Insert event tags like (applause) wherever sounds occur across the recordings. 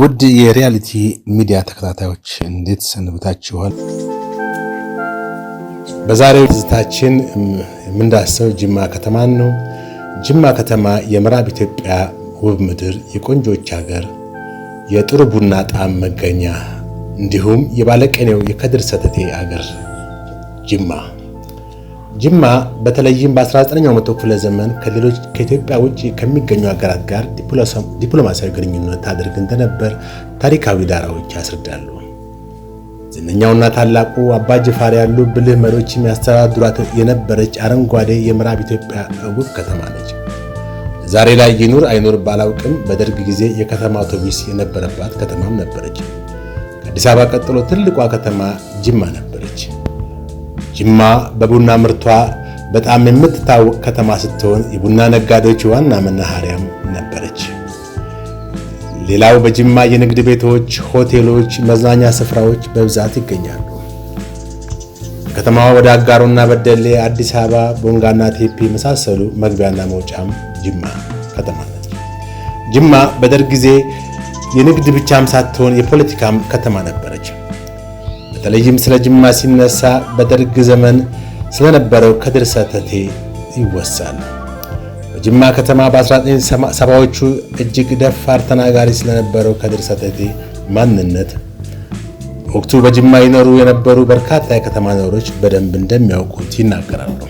ውድ የሪያሊቲ ሚዲያ ተከታታዮች እንዴት ሰንብታችኋል? በዛሬው ዝግጅታችን የምንዳስሰው ጅማ ከተማን ነው። ጅማ ከተማ የምዕራብ ኢትዮጵያ ውብ ምድር፣ የቆንጆች ሀገር፣ የጥሩ ቡና ጣዕም መገኛ እንዲሁም የባለቀኔው የከድር ሰተቴ አገር ጅማ ጅማ በተለይም በ19ኛው መቶ ክፍለ ዘመን ከሌሎች ከኢትዮጵያ ውጭ ከሚገኙ ሀገራት ጋር ዲፕሎማሲያዊ ግንኙነት ታደርግ እንደነበር ታሪካዊ ዳራዎች ያስረዳሉ። ዝነኛውና ታላቁ አባ ጅፋር ያሉ ብልህ መሪዎች የሚያስተዳድሯት የነበረች አረንጓዴ የምዕራብ ኢትዮጵያ ውብ ከተማ ነች። ዛሬ ላይ ይኑር አይኑር ባላውቅም በደርግ ጊዜ የከተማ አውቶቡስ የነበረባት ከተማም ነበረች። ከአዲስ አበባ ቀጥሎ ትልቋ ከተማ ጅማ ነበረች። ጅማ በቡና ምርቷ በጣም የምትታወቅ ከተማ ስትሆን የቡና ነጋዴዎች ዋና መናኸሪያም ነበረች። ሌላው በጅማ የንግድ ቤቶች፣ ሆቴሎች፣ መዝናኛ ስፍራዎች በብዛት ይገኛሉ። ከተማዋ ወደ አጋሮና በደሌ፣ አዲስ አበባ፣ ቦንጋና ቴፒ የመሳሰሉ መግቢያና መውጫም ጅማ ከተማ ነች። ጅማ በደርግ ጊዜ የንግድ ብቻም ሳትሆን የፖለቲካም ከተማ ነበረች። በተለይም ስለ ጅማ ሲነሳ በደርግ ዘመን ስለነበረው ሰተቴ ይወሳል። በጅማ ከተማ በ1970ዎቹ እጅግ ደፋር ተናጋሪ ስለነበረው ሰተቴ ማንነት ወቅቱ በጅማ ይኖሩ የነበሩ በርካታ የከተማ ነዋሪዎች በደንብ እንደሚያውቁት ይናገራሉ።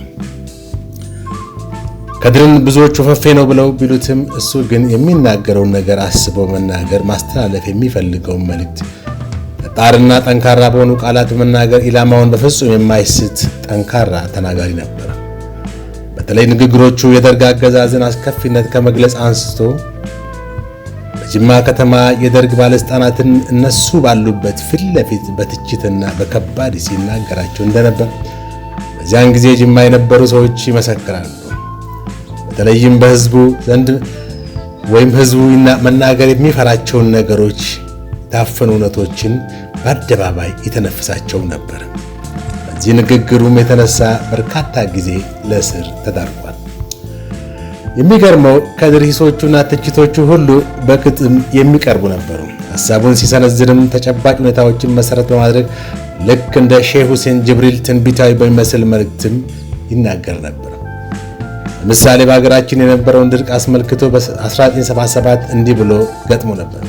ከድርን ብዙዎቹ ፈፌ ነው ብለው ቢሉትም እሱ ግን የሚናገረውን ነገር አስቦ መናገር ማስተላለፍ የሚፈልገውን መልእክት ጣርና ጠንካራ በሆኑ ቃላት መናገር ኢላማውን በፍጹም የማይስት ጠንካራ ተናጋሪ ነበር። በተለይ ንግግሮቹ የደርግ አገዛዝን አስከፊነት ከመግለጽ አንስቶ በጅማ ከተማ የደርግ ባለስልጣናትን እነሱ ባሉበት ፊት ለፊት በትችትና በከባድ ሲናገራቸው እንደነበር በዚያን ጊዜ ጅማ የነበሩ ሰዎች ይመሰክራሉ። በተለይም በህዝቡ ዘንድ ወይም ህዝቡ መናገር የሚፈራቸውን ነገሮች የታፈኑ እውነቶችን በአደባባይ የተነፈሳቸው ነበር። በዚህ ንግግሩም የተነሳ በርካታ ጊዜ ለእስር ተዳርጓል። የሚገርመው ከድርሂሶቹና ትችቶቹ ሁሉ በግጥም የሚቀርቡ ነበሩ። ሀሳቡን ሲሰነዝርም ተጨባጭ ሁኔታዎችን መሰረት በማድረግ ልክ እንደ ሼህ ሁሴን ጅብሪል ትንቢታዊ በሚመስል መልእክትም ይናገር ነበር። ለምሳሌ በሀገራችን የነበረውን ድርቅ አስመልክቶ በ1977 እንዲህ ብሎ ገጥሞ ነበር።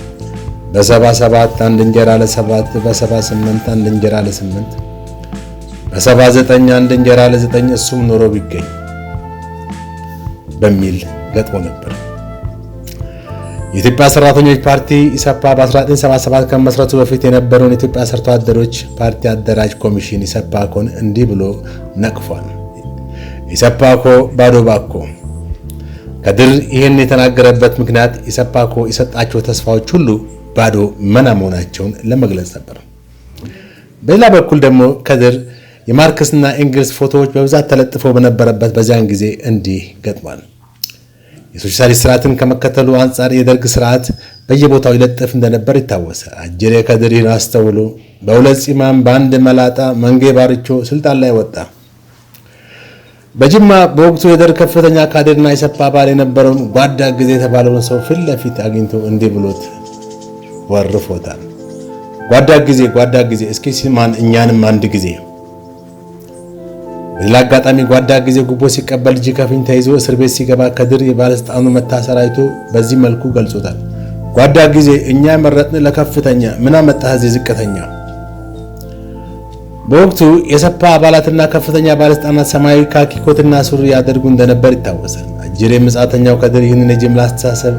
በሰባ ሰባት አንድ እንጀራ ለሰባት በሰባ ስምንት አንድ እንጀራ ለስምንት በሰባ ዘጠኝ አንድ እንጀራ ለዘጠኝ እሱም ኖሮ ቢገኝ በሚል ገጥሞ ነበር። የኢትዮጵያ ሰራተኞች ፓርቲ ኢሰፓ በ1977 ከመስረቱ በፊት የነበረውን የኢትዮጵያ ሰርቶ አደሮች ፓርቲ አደራጅ ኮሚሽን ኢሰፓኮን እንዲህ ብሎ ነቅፏል። ኢሰፓኮ ባዶ ባኮ። ከድር ይህን የተናገረበት ምክንያት ኢሰፓኮ የሰጣቸው ተስፋዎች ሁሉ ባዶ መና መሆናቸውን ለመግለጽ ነበር። በሌላ በኩል ደግሞ ከድር የማርክስና ኤንግልስ ፎቶዎች በብዛት ተለጥፈው በነበረበት በዚያን ጊዜ እንዲህ ገጥሟል። የሶሻሊስት ስርዓትን ከመከተሉ አንጻር የደርግ ስርዓት በየቦታው ይለጥፍ እንደነበር ይታወሳል። አጀሬ ከድር ይህን አስተውሎ በሁለት ፂማም በአንድ መላጣ መንጌ ባርቾ ስልጣን ላይ ወጣ። በጅማ በወቅቱ የደርግ ከፍተኛ ካድሬና የሰፓ አባል የነበረውን ጓዳ ጊዜ የተባለውን ሰው ፊት ለፊት አግኝቶ እንዲህ ብሎት ወርፎታል። ጓዳ ጊዜ ጓዳ ጊዜ እስኪ ሲማን እኛንም አንድ ጊዜ ሌላ አጋጣሚ ጓዳ ጊዜ ጉቦ ሲቀበል እጅ ከፍኝ ተይዞ እስር ቤት ሲገባ ከድር የባለስልጣኑ መታሰር አይቶ በዚህ መልኩ ገልጾታል። ጓዳ ጊዜ እኛ የመረጥን ለከፍተኛ ምን አመጣህ እዚህ ዝቅተኛ። በወቅቱ የሰፓ አባላትና ከፍተኛ ባለስልጣናት ሰማያዊ ካኪ ኮትና ሱሪ ያደርጉ እንደነበር ይታወሳል። አጅሬ ምጻተኛው ከድር ይህንን የጅምላ አስተሳሰብ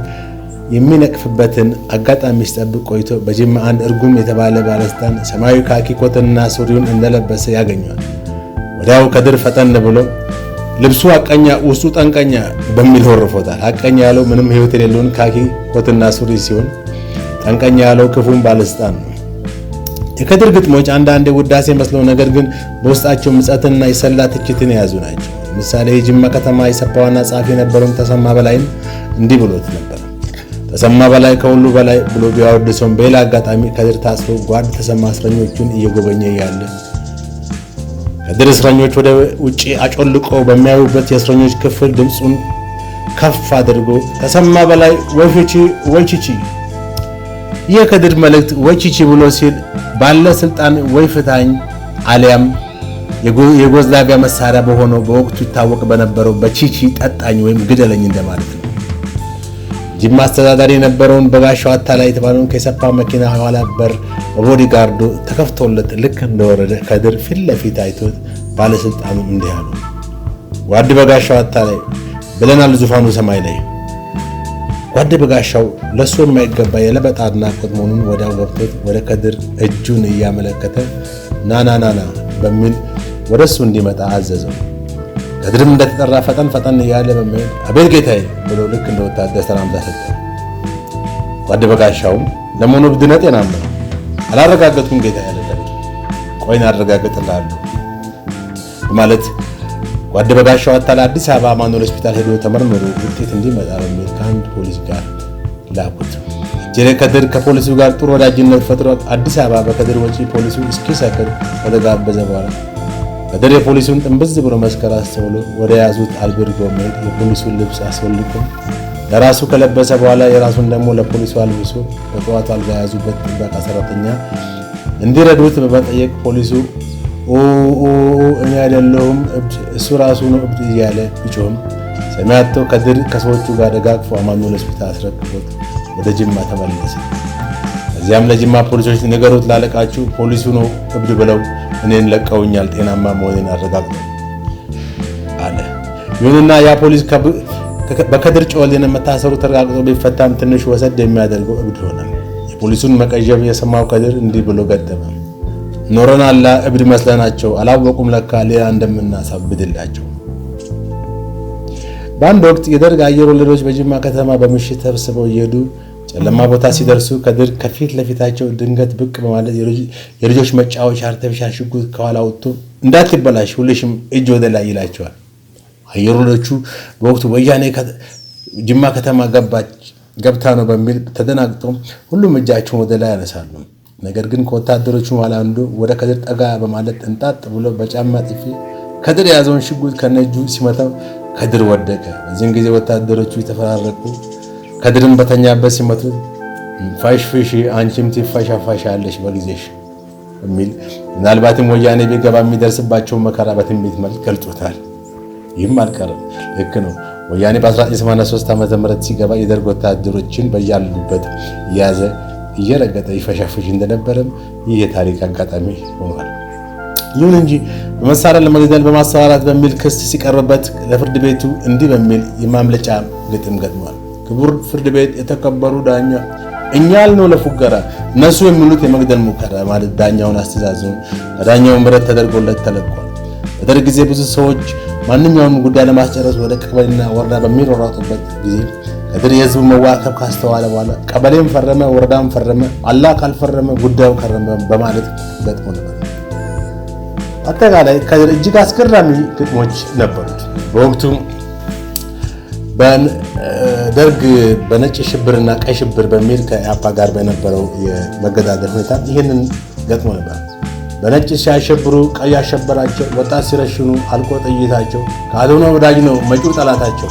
የሚነቅፍበትን አጋጣሚ ሲጠብቅ ቆይቶ በጅማ አንድ እርጉም የተባለ ባለስልጣን ሰማያዊ ካኪ ኮትና ሱሪውን እንደለበሰ ያገኘዋል። ወዲያው ከድር ፈጠን ብሎ ልብሱ አቀኛ ውስጡ ጠንቀኛ በሚል ወርፎታል። አቀኛ ያለው ምንም ህይወት የሌለውን ካኪ ኮትና ሱሪ ሲሆን ጠንቀኛ ያለው ክፉን ባለስልጣን ነው። የከድር ግጥሞች አንዳንዴ ውዳሴ መስለው ነገር ግን በውስጣቸው ምጸትና የሰላ ትችትን የያዙ ናቸው። ምሳሌ የጅማ ከተማ የሰፓዋና ጸሐፊ የነበረውን ተሰማ በላይም እንዲህ ብሎት ነበር ተሰማ በላይ ከሁሉ በላይ ብሎ ቢያወድሰውም በሌላ አጋጣሚ ከድር ታስሮ ጓድ ተሰማ እስረኞቹን እየጎበኘ ያለ ከድር እስረኞች ወደ ውጭ አጮልቆ በሚያዩበት የእስረኞች ክፍል ድምፁን ከፍ አድርጎ ተሰማ በላይ ወይቺ ወቺቺ ይህ ከድር መልእክት ወቺቺ ብሎ ሲል ባለ ስልጣን ወይ ፍታኝ አሊያም የጎዝላቢያ መሳሪያ በሆነው በወቅቱ ይታወቅ በነበረው በቺቺ ጠጣኝ ወይም ግደለኝ እንደማለት ነው። ጅማ አስተዳዳሪ የነበረውን በጋሻ በጋሻው ላይ የተባለውን ከሰፓ መኪና ኋላ በር ቦዲጋርዱ ተከፍቶለት ልክ እንደወረደ ከድር ፊት ለፊት አይቶት ባለስልጣኑ እንዲህ አሉ፣ ጓድ በጋሻው ላይ ብለናል ዙፋኑ ሰማይ ላይ። ጓድ በጋሻው ለእሱ የማይገባ የለበጣ አድናቆት መሆኑን ወዲያው ገብቶት ወደ ከድር እጁን እያመለከተ ናናናና በሚል ወደ እሱ እንዲመጣ አዘዘው። ለድርም እንደተጠራ ፈጠን ፈጠን እያለ በመሄድ አቤት ጌታዬ ብሎ ልክ እንደ ወታደር ሰላምታ ሰጠ። ጓድ በጋሻውም ለመሆኑ ብድነ ጤናማ ነው? አላረጋገጥኩም ጌታ ያለ ቆይን አረጋገጥልሃለሁ ማለት ጓድ በጋሻው አታል አዲስ አበባ ማኖል ሆስፒታል ሄዶ ተመርምሮ ውጤት እንዲመጣ በሚል ከአንድ ፖሊስ ጋር ላኩት። ጀረ ከድር ከፖሊሱ ጋር ጥሩ ወዳጅነት ፈጥሮ አዲስ አበባ በከድር ወጪ ፖሊሱ እስኪሰክር ከተጋበዘ በኋላ በደሬ ፖሊሱን ጥንብዝ ብሎ መስከር አስተውሎ ወደ ያዙት አልብርጎ መሄድ የፖሊሱን ልብስ አስወልቁ ለራሱ ከለበሰ በኋላ የራሱን ደግሞ ለፖሊሱ አልብሶ በጠዋቱ አልጋ የያዙበት ጥበቃ ሰራተኛ እንዲረዱት በመጠየቅ ፖሊሱ እኔ አይደለሁም እብድ እሱ ራሱ ነው እብድ እያለ ቢጮህም ሰሚያቶ ከድር ከሰዎቹ ጋር ደጋግፎ አማኑኤል ሆስፒታል አስረክቦት ወደ ጅማ ተመለሰ። እዚያም ለጅማ ፖሊሶች ንገሩት ላለቃችሁ ፖሊሱ ነው እብድ ብለው እኔን ለቀውኛል፣ ጤናማ መሆኔን አረጋግጠው አለ። ይሁንና ያ ፖሊስ በከድር ጮሌን መታሰሩ ተረጋግጦ ቢፈታም ትንሽ ወሰድ የሚያደርገው እብድ ሆነ። የፖሊሱን መቀዠብ የሰማው ከድር እንዲህ ብሎ ገጠመ። ኖረናላ እብድ መስለናቸው አላወቁም፣ ለካ ሌላ እንደምናሳብድላቸው። በአንድ ወቅት የደርግ አየር ወለዶች በጅማ ከተማ በምሽት ተሰብስበው እየሄዱ ጨለማ ቦታ ሲደርሱ ከድር ከፊት ለፊታቸው ድንገት ብቅ በማለት የልጆች መጫወቻ አርተፊሻል ሽጉጥ ከኋላ ወጥቶ እንዳትበላሽ ሁልሽም እጅ ወደ ላይ ይላቸዋል። አየር በወቅቱ ወያኔ ጅማ ከተማ ገብታ ነው በሚል ተደናግጦ ሁሉም እጃቸውን ወደ ላይ ያነሳሉ። ነገር ግን ከወታደሮቹ ኋላ አንዱ ወደ ከድር ጠጋ በማለት እንጣጥ ብሎ በጫማ ጥፊ ከድር የያዘውን ሽጉጥ ከነጁ ሲመታው ከድር ወደቀ። በዚህም ጊዜ ወታደሮቹ የተፈራረቁ ከድርም በተኛበት ሲመቱ ፋሽፍሽ አንቺም ያለሽ በጊዜሽ የሚል ምናልባትም ወያኔ ቢገባ የሚደርስባቸው መከራ በትንቢት መልክ ገልጦታል። ይህም አልቀረም። ልክ ነው። ወያኔ በ1983 ዓ ም ሲገባ የደርግ ወታደሮችን በያሉበት እያዘ እየረገጠ ይፈሻፍሽ እንደነበረም ይህ የታሪክ አጋጣሚ ሆኗል። ይሁን እንጂ በመሳሪያ ለመግደል በማሰራራት በሚል ክስ ሲቀርብበት ለፍርድ ቤቱ እንዲህ በሚል የማምለጫ ግጥም ገጥሟል። ክቡር ፍርድ ቤት የተከበሩ ዳኛ እኛ ያልነው ለፉገራ እነሱ የሚሉት የመግደል ሙከራ ማለት ዳኛውን አስተዛዝኑ ከዳኛው ምሕረት ተደርጎለት ተለቋል። በደርግ ጊዜ ብዙ ሰዎች ማንኛውንም ጉዳይ ለማስጨረስ ወደ ቀበሌና ወረዳ በሚሯሯጡበት ጊዜ ከድር የህዝቡ መዋከብ ካስተዋለ በኋላ ቀበሌም ፈረመ፣ ወረዳም ፈረመ፣ አላህ ካልፈረመ ጉዳዩ ከረመ በማለት ገጥሞ ነበር። አጠቃላይ ከድር እጅግ አስገራሚ ግጥሞች ነበሩት በወቅቱ ደርግ በነጭ ሽብርና ቀይ ሽብር በሚል ከኢያፓ ጋር በነበረው የመገዳደር ሁኔታ ይህንን ገጥሞ ነበር። በነጭ ሲያሸብሩ ቀይ ያሸበራቸው፣ ወጣት ሲረሽኑ አልቆ ጥይታቸው፣ ካልሆነ ወዳጅ ነው መጪው ጠላታቸው።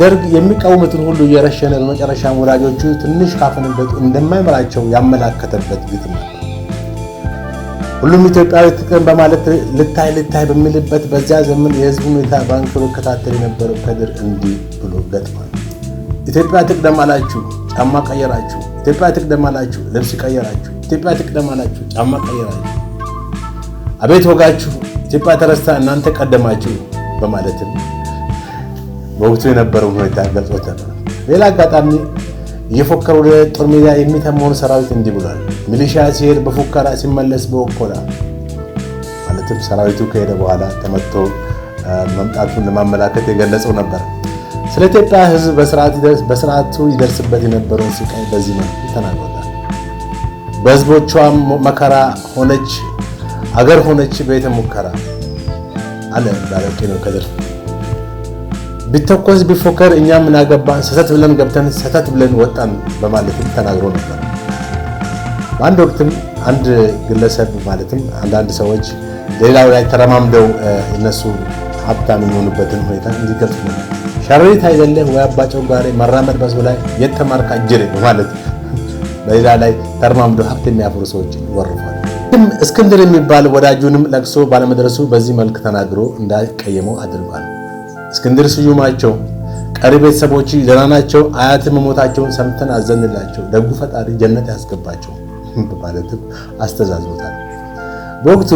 ደርግ የሚቃወሙትን ሁሉ የረሸነ በመጨረሻም ወዳጆቹ ትንሽ ካፈንበት እንደማይመራቸው ያመላከተበት ግጥም ነበር። ሁሉም ኢትዮጵያዊ ጥቅም በማለት ልታይ ልታይ በሚልበት በዚያ ዘመን የህዝብ ሁኔታ ባንክሮ ከታተል የነበረው ከድር እንዲህ ብሎ ገጥሟል። ኢትዮጵያ ትቅደም አላችሁ፣ ጫማ ቀየራችሁ። ኢትዮጵያ ትቅደም አላችሁ፣ ልብስ ቀየራችሁ። ኢትዮጵያ ትቅደም አላችሁ፣ ጫማ ቀየራችሁ። አቤት ወጋችሁ፣ ኢትዮጵያ ተረስታ እናንተ ቀደማችሁ በማለትም በወቅቱ የነበረውን ሁኔታ ገልጾ ነበር። ሌላ አጋጣሚ እየፎከሩ ወደ ጦር ሜዳ የሚተመውን ሰራዊት እንዲህ ብሏል። ሚሊሻ ሲሄድ በፉከራ ሲመለስ በወኮላ ማለትም ሰራዊቱ ከሄደ በኋላ ተመቶ መምጣቱን ለማመላከት የገለጸው ነበር። ስለ ኢትዮጵያ ሕዝብ በስርዓቱ ይደርስበት የነበረውን ስቃይ በዚህ መልኩ ተናግሮታል። በህዝቦቿም መከራ ሆነች አገር ሆነች ቤተ ሙከራ አለ ባለቄ ነው ከድር ቢተኮስ ቢፎከር እኛ ምን ሰተት ስህተት ብለን ገብተን ስህተት ብለን ወጣን በማለትም ተናግሮ ነበር። በአንድ ወቅትም አንድ ግለሰብ ማለትም አንዳንድ ሰዎች ሌላው ላይ ተረማምደው እነሱ ሀብታም የሚሆኑበትን ሁኔታ እንዲገልጽ ነው። ሸረሪት አይደለህ ወይ አባጨው ጋር መራመድ በሰው ላይ የተማርካ እጅር በማለት በሌላ ላይ ተረማምደው ሀብት የሚያፈሩ ሰዎች ይወርፏል። እስክንድር የሚባል ወዳጁንም ለቅሶ ባለመድረሱ በዚህ መልክ ተናግሮ እንዳይቀየመው አድርጓል። እስክንድር ስዩማቸው ቀሪ ቤተሰቦች ደህና ናቸው? አያት መሞታቸውን ሰምተን አዘንላቸው። ደጉ ፈጣሪ ጀነት ያስገባቸው (laughs) በማለትም አስተዛዝቦታል። በወቅቱ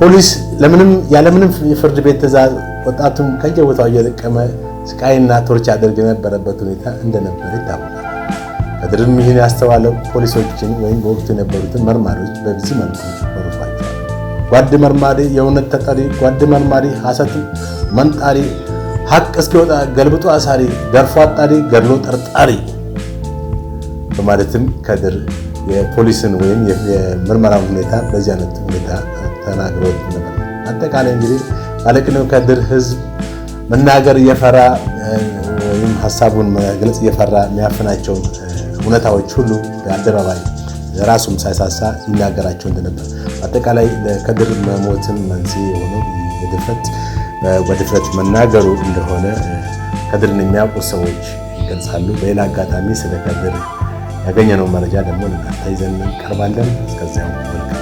ፖሊስ ለምንም ያለምንም የፍርድ ቤት ትዕዛዝ ወጣቱም ከየቦታው እየለቀመ ስቃይና ቶርች ያደርግ የነበረበት ሁኔታ እንደነበረ ይታወቃል። ከድርም ይህን ያስተዋለው ፖሊሶችን ወይም በወቅቱ የነበሩትን መርማሪዎች በዚህ መልኩ ጓድ መርማሪ፣ የእውነት ተጠሪ፣ ጓድ መርማሪ፣ ሐሰት መንጣሪ፣ ሀቅ እስኪወጣ ገልብጦ አሳሪ፣ ገርፎ አጣሪ፣ ገድሎ ጠርጣሪ በማለትም ከድር የፖሊስን ወይም የምርመራን ሁኔታ በዚህ አይነት ሁኔታ ተናግሮት ነበር። አጠቃላይ እንግዲህ ባለቅኔው ከድር ህዝብ መናገር እየፈራ ወይም ሀሳቡን መግለጽ እየፈራ የሚያፍናቸውን እውነታዎች ሁሉ በአደባባይ ራሱም ሳይሳሳ ይናገራቸው እንደነበር አጠቃላይ ለከድር መሞትም መንስኤ የሆነው በድፍረት መናገሩ እንደሆነ ከድርን የሚያውቁ ሰዎች ይገልጻሉ። በሌላ አጋጣሚ ስለ ከድር ያገኘነው መረጃ ደግሞ ልናታይ ይዘን ቀርባለን። እስከዚያው መልካም